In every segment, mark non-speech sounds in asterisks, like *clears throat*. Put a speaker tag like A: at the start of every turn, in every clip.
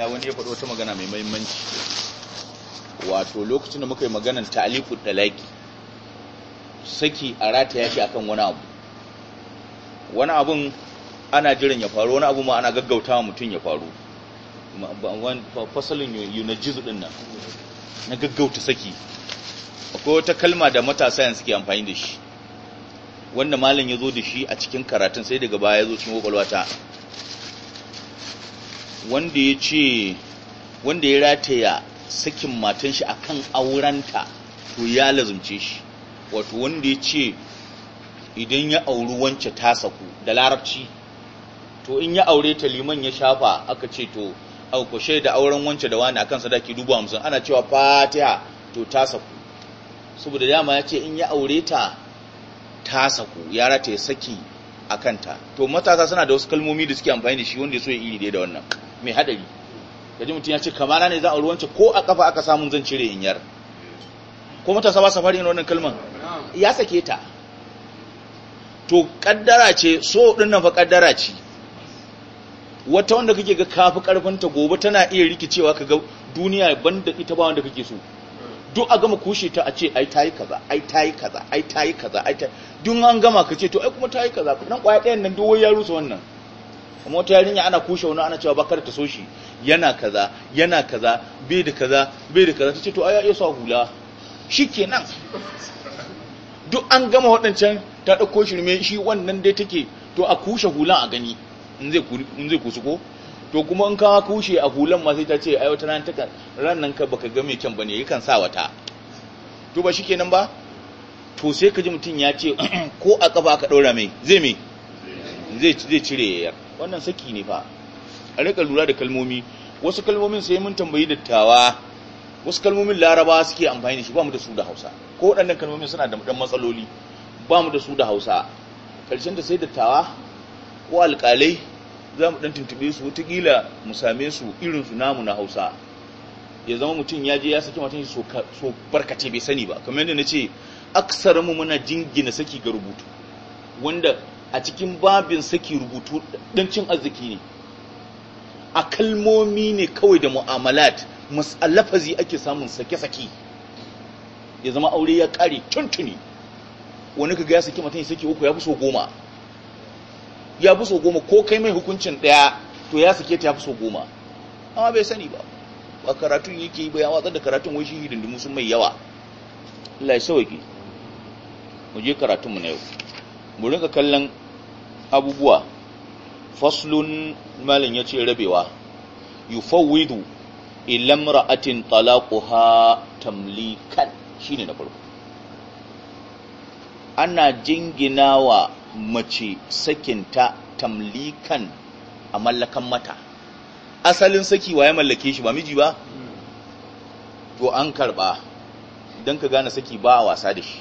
A: ya wani ya faɗo wata magana mai mahimmanci wato lokacin da muka yi maganar ta'aliku dalaki saki a rataya a akan wani abu wani abun ana jiran ya faru wani abu ma ana gaggautawa mutum ya faru fasalin yunajizu ɗin nan na gaggauta saki akwai wata kalma da matasa yanzu suke amfani da shi wanda malam ya zo da shi a cikin karatun sai daga baya ya zo cikin ta. wanda ya ce wanda ya rataya sakin matan shi akan aurenta to ya lazumce shi wato wanda ya ce idan ya auri wance ta saku da larabci to in ya aure ta liman ya shafa aka ce to aukushe da auren wance da wani akan sadaki dubu hamsin ana cewa fatiha to ta saku saboda dama ya ce in ya aure ta ta saku ya rataya saki a kanta to matasa suna da wasu kalmomi da suke amfani da shi wanda ya so ya iri da wannan mai hadari gaji mutum ya ce kamana ne za a ruwance ko a kafa aka samun zan cire hinyar ko mutasa ba safari ne wannan kalman ya sake ta to kaddara ce so din nan fa kaddara ce wata wanda kake ga kafi karfin ta gobe tana iya rikicewa kaga duniya banda ita ba wanda kake so duk a gama kushe ta a ce ai tayi kaza ai tayi kaza ai tayi kaza ai tayi duk an gama kace to ai kuma tayi kaza nan kwaya ɗayan nan duk wai ya rusa wannan amma wata yarinya ana kushe wani ana cewa bakar ta so shi yana kaza yana kaza bai da kaza bai da kaza Ta ce to ai ya sa hula shikenan duk an gama waɗancan ta ɗauko shirme shi wannan dai take to a kushe hulan a gani in zai kusu ko to kuma in kawo kushe a hulan ma sai ta ce ai wata ran ta ran nan ka baka ga mai kyan bane yakan sa wata to ba shikenan ba to sai ka ji mutum ya ce *clears throat* ko a kafa ka ɗaura mai zai mai zai cire yayar wannan saki ne fa a riƙa lura da kalmomi wasu kalmomin sai mun tambayi dattawa wasu kalmomin laraba suke amfani da shi ba mu da su da hausa ko waɗannan kalmomin suna da ɗan matsaloli ba mu da su da hausa ƙarshen da sai dattawa ko alƙalai za mu ɗan tuntube su wataƙila mu same su irin su namu na hausa ya zama mutum ya je ya saki matan shi so barkace bai sani ba kamar yadda na ce aksar mu muna jingina saki ga rubutu wanda a cikin babin saki rubutu ɗan cin arziki ne a kalmomi ne kawai da mu'amalat lafazi ake samun sake-sake ya zama aure ya kare tuntuni wani kaga ya saki matan ya saki uku ya fi so goma ya fi so goma ko kai mai hukuncin ɗaya, to ya sake ta ya fi so goma amma bai sani ba ba karatun yake yi ba ya watsar da karatun wai shi hidindimu sun mai yawa Allah ya sauke mu je karatunmu na yau mu rinka kallon abubuwa faslun malin ya ce rabewa fawidu ilam ra'atin talaquha tamlikan shi ne na farko ana jingina wa mace sakinta tamlikan a mallakan mata asalin saki wa ya mallake shi ba miji ba to an karba don ka gane saki ba a wasa da shi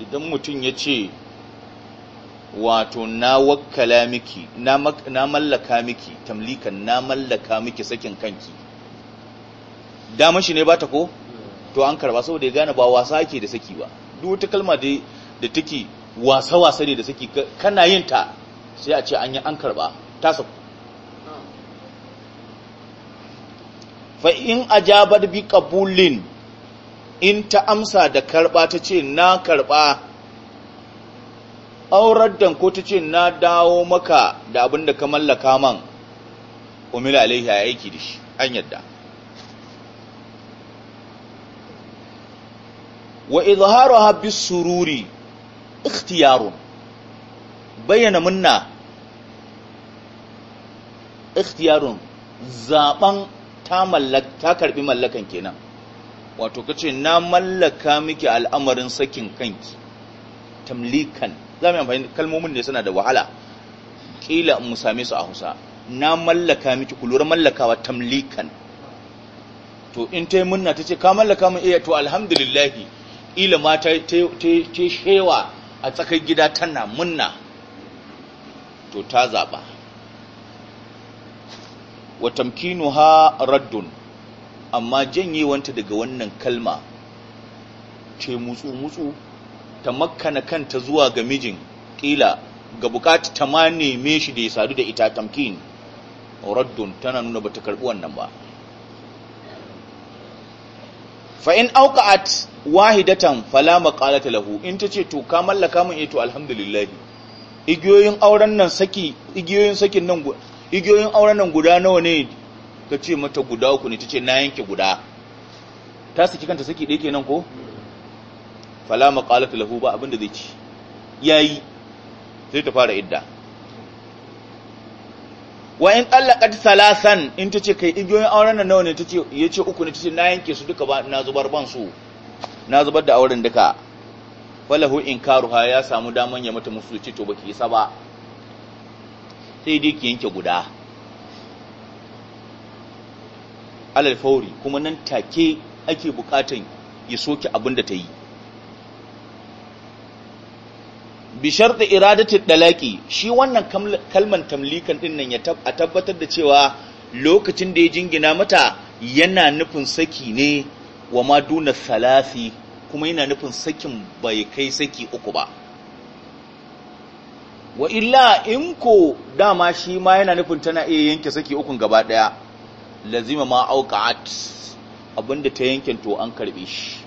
A: idan mutum ya ce wato na wakkala miki na mallaka miki tamlikan na mallaka miki sakin kanki dama shi ne ba ta ko to an karba saboda ya gane ba wasa ake da saki ba duk wata kalma da take wasa wasa ne da saki kana yin ta sai a ce an yi an karba ta saku fa in ajabat bi qabulin in ta amsa da karba ta ce na karba auraddan ko ta ce na dawo maka da abin da ka mallaka man umila alaihi ya aiki da shi an yadda wa izharuha bis sururi ikhtiyarun bayyana munna ikhtiyarun zaban ta mallaka ta karbi mallakan kenan wato kace na mallaka miki al'amarin sakin kanki tamlikan za mu amfani kalmomin ne suna da wahala ƙila mu same su a Hausa na mallaka miki ku lura mallakawa tamlikan to in ta yi munna ta ce ka mallaka mun iya to alhamdulillahi ila ma ta ta shewa a tsakar gida tana munna to ta zaba wa tamkinuha raddun amma janyewanta daga wannan kalma ce mutsu mutsu ta makkana kanta zuwa ga mijin ƙila, ga bukata ta ma neme shi da ya sadu da ita tamkin raddun tana nuna bata karbi wannan ba fa in auqa'at wahidatan fala ƙalata lahu in tace to ka mallaka mun eh to igiyoyin auren nan saki igiyoyin auren nan guda nawa ne kace mata guda uku ne tace na yanke guda ta saki kanta saki ɗaya kenan ko fala maqalat lahu ba abinda zai ci yayi sai ta fara idda wa in qallaqat salasan in tace kai igiyoyin auren nan nawa ne tace yace uku ne tace na yanke su duka ba na zubar ban su na zubar da auren duka falahu inkaruha ya samu daman ya mata ce to baki isa ba sai dai ki yanke guda alal fauri kuma nan take ake bukatan ya soki abin ta yi bi sharti iradati dalaki shi wannan kalman tamlikan din nan a tabbatar da cewa lokacin da ya jingina mata yana nufin saki ne wa maduna duna salasi kuma yana nufin sakin bai kai saki uku ba wa illa in ko dama shi ma yana nufin tana iya yanke saki ukun gaba daya lazima ma auqat abinda ta yankin to an karbe shi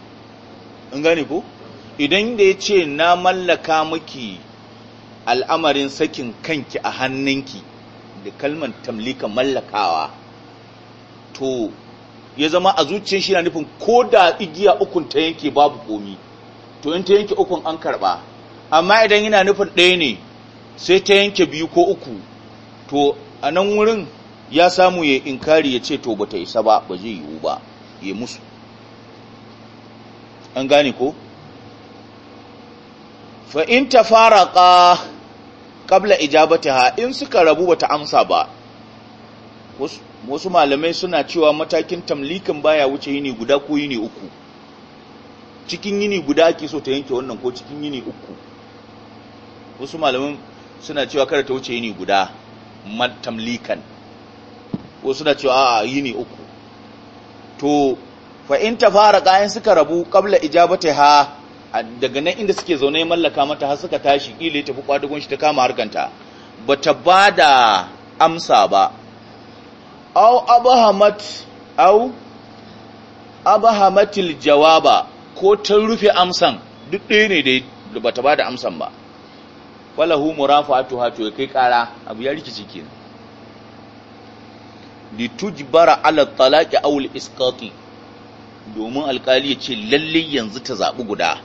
A: in gane ko idan da ya ce na mallaka miki al'amarin sakin kanki a hannunki da kalmar tamlika mallakawa to ya zama a zuciyar shi na nufin ko da igiya ukun ta yanke babu komi to in ta yanke ukun an karba amma idan yana nufin ɗaya ne sai ta yanke biyu ko uku to a nan wurin ya samu ya inkari ya ce to ba ta isa ba ba zai yiwu ba ya musu an gane ko fa in ta fara tafaraka qabla ha, in suka rabu ba ta amsa ba wasu malamai suna cewa matakin tamlikin baya wuce yini guda ko yini uku cikin yini guda ake so ta yanke wannan ko cikin yini uku wasu malamai suna cewa kada ta wuce yini guda tamlikan wasu suna cewa a yini uku to fa in ta tafaraka in suka rabu ijabata ha. daga nan inda suke zaune mallaka mata har suka tashi kila ya tafi kwadugun shi ta kama harkanta ta ba da amsa ba au abahamat au abahamatil jawaba ko ta rufe amsan duk ɗaya ne dai da bata ba da amsan ba falahu murafa'atu hatu ya kai kara abu ya rikici kenan litujbara ala talaqi awul al-isqati domin alkali ya ce lalle yanzu ta zaɓi guda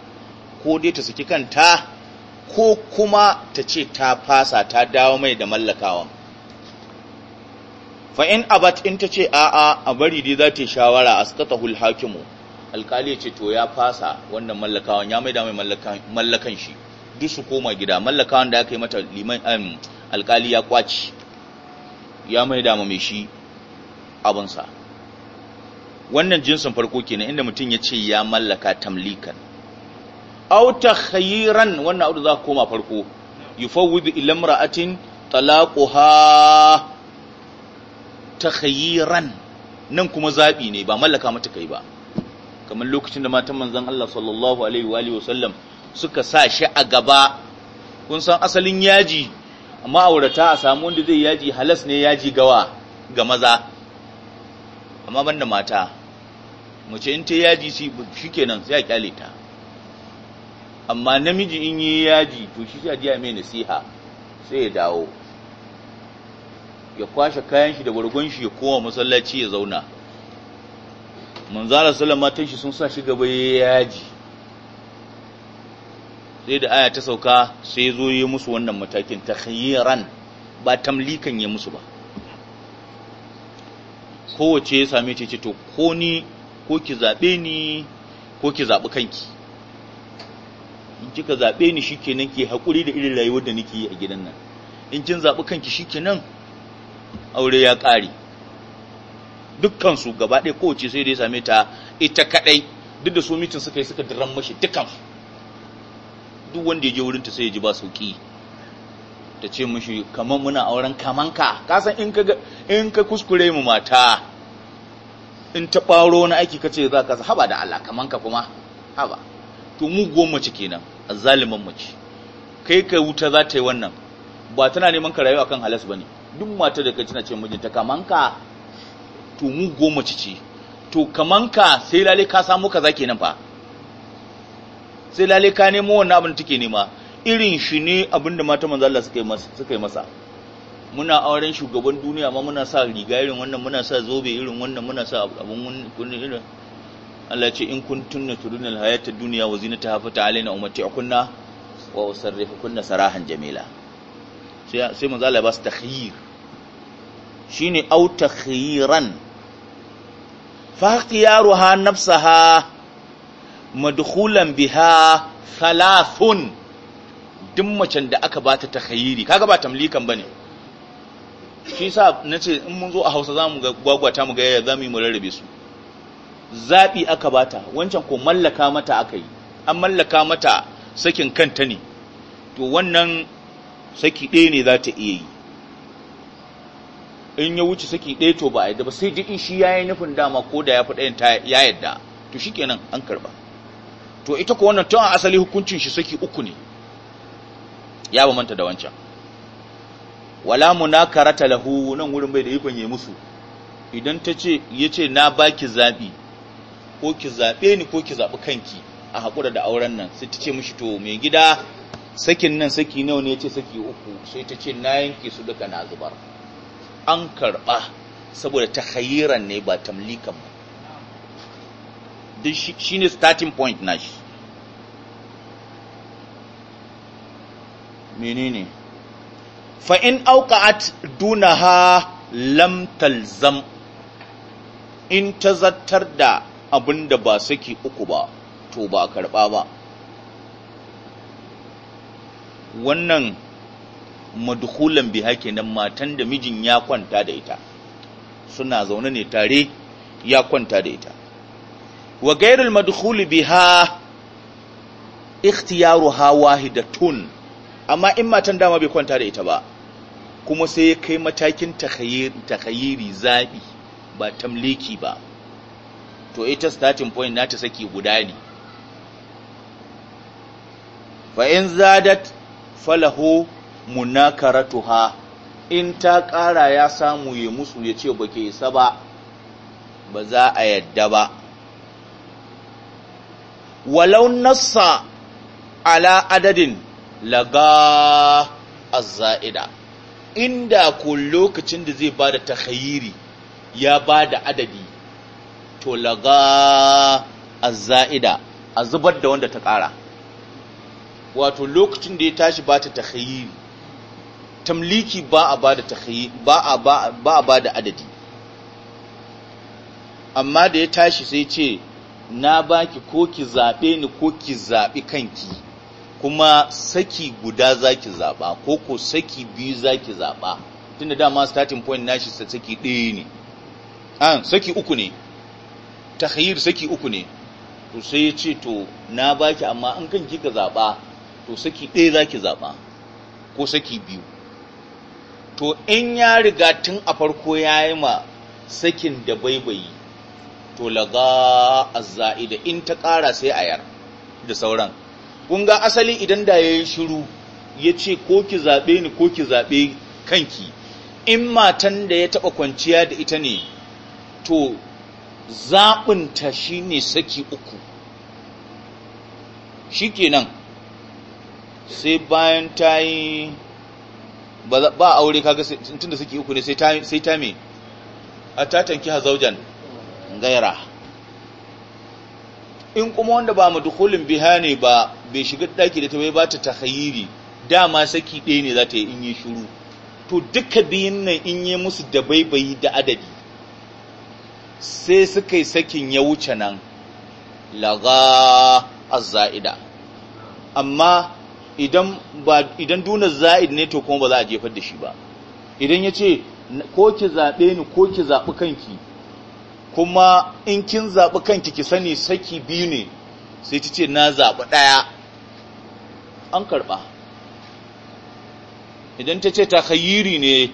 A: ko dai ta saki kanta ko kuma ta ce ta fasa ta dawo mai da mallakawa fa in abat in ta ce a'a a bari dai za ta shawara askatahu Hakimu. alkali ya ce to ya fasa wannan mallakawan ya maida mai mallakan shi duk su koma gida mallakawan da aka yi mata liman alkali ya kwaci ya maida mai shi abinsa wannan jinsin farko kenan inda mutum ya ce ya mallaka tamlikan aw khayiran wannan abu za ka koma farko yufawwidu ila imra'atin talaquha takhayiran nan kuma zabi ne ba mallaka mata kai ba kamar lokacin da matan manzon Allah sallallahu alaihi wa alihi wasallam suka sa shi a gaba kun san asalin yaji amma aurata a samu wanda zai yaji halas ne yaji gawa ga maza amma banda mata mace in ta yaji shi shikenan sai a kyale ta amma namiji in yi yaji to shi sai a mai nasiha sai ya dawo ya kwashe kayan shi da gwargon shi ya kowa masallaci ya zauna manzara sallama matan shi sun sa shi gaba ya yaji sai da aya ta sauka sai zo yi musu wannan matakin ta ran ba tamlikan ya musu ba kowace ya same ce to ko ni ko ki zaɓe ni ko ki zaɓi kanki in kika zaɓe ni shikenan ke haƙuri da irin rayuwar da nake yi a gidan nan in kin zaɓi kanki shikenan aure ya ƙare dukkan su gaba ɗaya kowace sai da ya same ta ita kaɗai duk da su mitin suka yi suka diran mashi dukkan su duk wanda ya je wurinta sai ya ji ba sauki ta ce mashi kaman muna auren kamanka ka san in ka in ka kuskure mu mata in ta ɓaro na aiki ka ce za ka haba da Allah kamanka kuma haba to mu goma mace kenan azzaliman mace kai ka wuta za ta yi wannan ba tana neman ka rayu akan halas ne duk mata da ka cina ce mijinta kamanka to mu goma ce to kamanka sai lalai ka samu kaza nan fa sai lalai ka nemo wannan abin take nema irin shi ne abin da mata manzo Allah suka yi masa suka yi masa muna auren shugaban duniya ma muna sa riga irin wannan muna sa zobe irin wannan muna sa abun kunni irin Allah ya ce in kuntunna turuna alhayata duniya wa zinataha fa ta'alina umatti'kunna wa kunna sarahan jamila sai mu manzo Allah ba su Shi shine au takhyiran fa ha nafsaha madkhulan biha thalathun duk macen da aka bata takhiri kaga ba tamlikan bane shi na ce in mun zo a Hausa zamu ga gwagwata mu ga yaya zamu yi mu rarrabe su zaɓi aka bata wancan ko mallaka mata aka yi an mallaka mata sakin kanta ne to wannan saki ɗaya ne za ta iya yi in ya wuce saki ɗaya to ba a yadda ba sai duk shi ya yi nufin dama ko da ya fi ɗayan ya yadda to shi kenan an karɓa. to ita ko wannan tun asali hukuncin shi saki uku ne ya ba manta da wancan wala munakarata lahu nan wurin bai da ikon yi musu idan ta ce ya ce na baki zaɓi ko ki zaɓe ni ko ki zaɓi kanki a haƙura da auren nan sai ta ce mishi to mai gida sakin nan saki nawa ne ya saki uku sai ta ce na yanke su duka na zubar an karɓa saboda ta hayiran ne ba tamlikan ba shi ne starting point na shi menene fa'in auƙa'at dunaha lam talzam in ta zartar da abin da ba saki uku ba to ba karɓa ba wannan madhulan biha kenan matan da mijin ya kwanta da ita suna zaune ne tare ya kwanta da ita wa gairul madkhul biha ikhtiyaruha wahidatun amma in matan dama bai kwanta da ita ba kuma sai ya kai matakin takhayyiri zabi ba tamliki ba to ita starting point nata saki guda ne fa in zadat falahu munakaratuha in ta ƙara ya samu ya musu ya ce ba ke isa ba ba za a yadda ba walau nassa ala adadin laga azza'ida inda ko lokacin da zai ba da takhayiri ya ba da adadi to laga azza'ida a zubar da wanda ta ƙara wato lokacin da ya tashi ba ta takhayyiri tamliki ba a ba da ba a ba a ba da adadi amma da ya tashi sai ce na baki ko ki zaɓe ni ko ki zaɓi kanki kuma saki guda ki zaɓa ko ko saki biyu ki zaɓa tunda dama starting point nashi saki ɗaya ne an ah, saki uku ne takhayir saki uku ne to sai ya ce to na baki amma an kan kika zaba to saki ɗaya zaki zaba ko saki biyu to in ya riga tun a farko ya yi ma sakin da baibayi to laga azza'ida in ta ƙara sai a yar da sauran kun ga asali idan da ya yi shiru ya ce ko ki zaɓe ni ko ki zaɓe kanki in matan da ya taɓa kwanciya da ita ne to zaɓinta shi ne saki uku shi kenan sai bayan ta yi ba aure kaga tun da saki uku ne sai ta mai a tatanki hazaujan gaira in kuma wanda ba madukulin biha ne ba bai shiga daki da ta bai ba ta ta tahayiri dama saki ɗaya ne za ta yi in yi shuru to duka biyun nan in yi musu da baibayi da adadi sai suka yi sakin ya wuce nan laga azza'ida amma idan ba idan duna za'id ne to kuma ba za a jefar da shi ba idan ya ce ko ki zaɓe ni ko ki zaɓi kanki kuma in kin zaɓi kanki ki sani saki biyu ne sai ta ce na zaɓi ɗaya an karɓa idan ta ce ta ne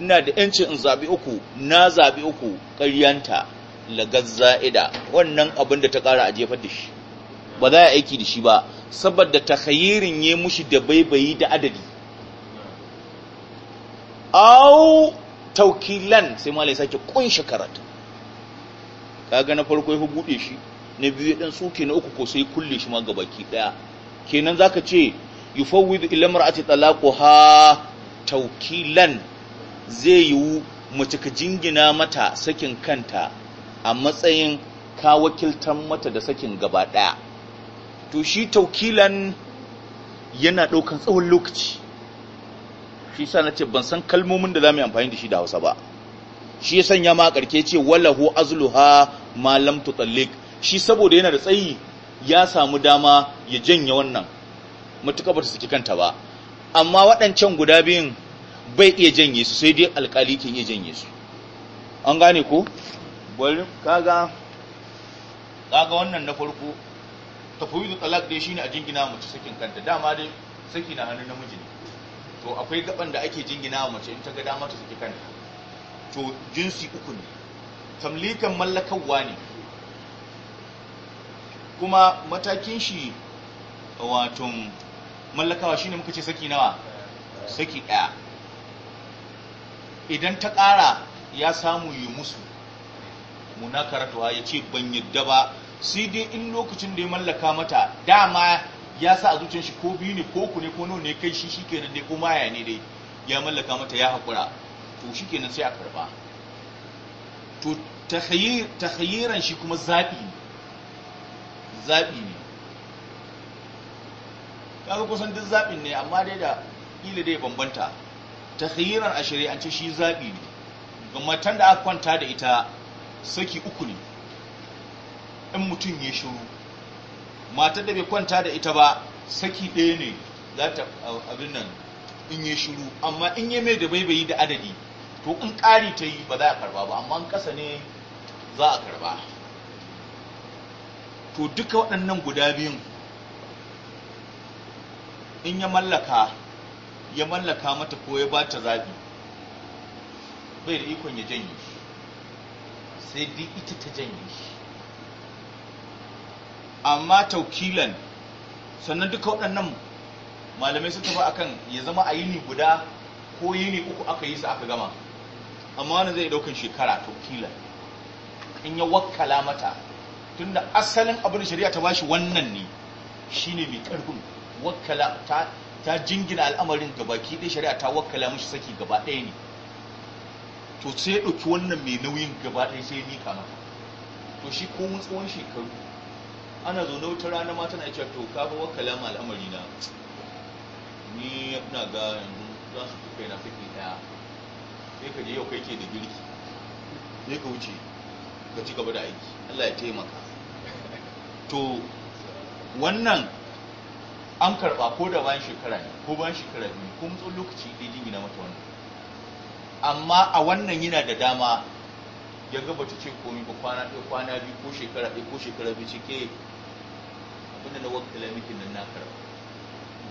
A: ina da ‘yancin in zaɓi uku na zaɓi uku ƙaryanta lagar za'ida wannan abin da ta ƙara a jefar da shi ba za a aiki da shi ba saboda ta hayirin ya mushi da baibayi da adadi au taukilan sai ma sake kunshi karatu ga na farko ya buɗe shi na biyu ɗan tsuke na uku ko sai kulle shi ma baki ɗaya kenan za ka ce yufawwidu ila mar'ati talaquha taukilan zai yiwu mace ka jingina mata sakin kanta a matsayin ka wakiltar mata da sakin gaba ɗaya to shi taukilan yana ɗaukan tsawon lokaci shi sa na ce ban san kalmomin da za mu amfani da shi da hausa ba shi ya sanya ma a ƙarke ce wallahu azluha malam tutallik shi saboda yana da tsayi ya samu dama ya janye wannan matuƙa ba ta saki kanta ba amma waɗancan guda biyun bai iya janye su sai dai alkali ke iya janye su an gane ko bari kaga kaga wannan na farko tafwidu talak dai shine a jingina mace sakin kanta dama dai saki na hannun namiji ne to akwai gaban da ake jingina mace in ta ga dama ta saki kanta to jinsi uku ne tamlikan mallakarwa ne kuma matakin shi wato mallakawa shine muka ce saki nawa saki ɗaya idan ta ƙara ya samu yi musu munakaratuwa ya ce ban yadda ba sai dai in lokacin da ya mallaka mata dama ya sa a zuciyar shi ko biyu ne ko ku ne ko nawa ne kai shi shi kenan dai ko maya ne dai ya mallaka mata ya haƙura to shi kenan sai a karba to takhayyiran shi kuma zaɓi ne zaɓi ne kaga kusan duk zaɓin ne amma dai da ila dai bambanta takhiran a shari'ance shi zaɓi ne ga matan da aka kwanta da ita saki uku ne in mutum ya shiru matar da bai kwanta da ita ba saki ɗaya ne za ta abin nan in ya shiru amma in ya mai da baibayi da adadi to in ƙari ta yi ba za a karba ba amma in ƙasa ne za a karba to duka waɗannan guda biyun in ya mallaka ya mallaka mata ko ya ba ta zaɓi bai da ikon ya janye shi sai dai ita ta janye shi amma taukilan sannan duka waɗannan malamai suka ba akan ya zama a yini guda ko yini uku aka yi su aka gama amma wani zai ɗaukan shekara taukilan in ya wakala mata tunda asalin abin shari'a ta bashi wannan ne shine mai ƙarfin wakala. ta jingina al'amarin baki ɗaya shari'a ta wakala mashi saki gaba ɗaya ne to sai ɗauki wannan mai nauyin gaba ɗaya sai ya kama mata to shi ko mun tsawon shekaru ana na wata rana ma tana cewa to ka ba wakala ma al'amari na ni na ga yanzu za su kai na saki ɗaya sai ka je yau kai ke da girki sai ka wuce ka ci gaba da aiki Allah ya taimaka to wannan an karba ko da bayan shekara ne ko bayan shekara biyu ko mutum lokaci daidai ne na mata wannan amma a wannan yana da dama ya gaba ta ce komi ba kwana ɗaya kwana biyu ko shekara ɗaya ko shekara biyu cike abinda na wata lamikin nan na karba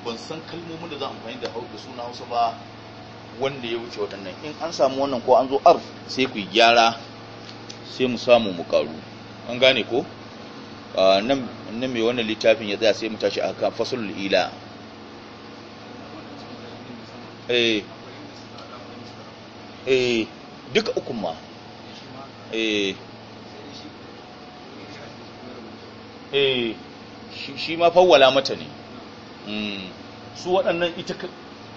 A: ban san kalmomin da za a amfani da hau da suna hausa ba wanda ya wuce waɗannan in an samu wannan ko an zo arf sai ku yi gyara sai mu samu mu karu an gane ko nan nan mai wannan littafin ya tsaye sai mu tashi a kan fasulul ila eh eh duka uku ma eh eh shi ma fawwala mata ne hmm. su waɗannan ita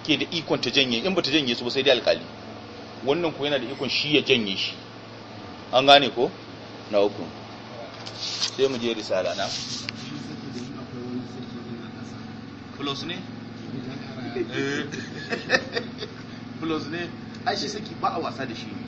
A: ke da ikon ta janye in ba ta janye su ba sai dai alkali wannan ku yana da ikon shi ya janye shi an gane ko na uku sai mu je risala na plus ne eh. *laughs* plus ne ai shi saki ba a wasa da shi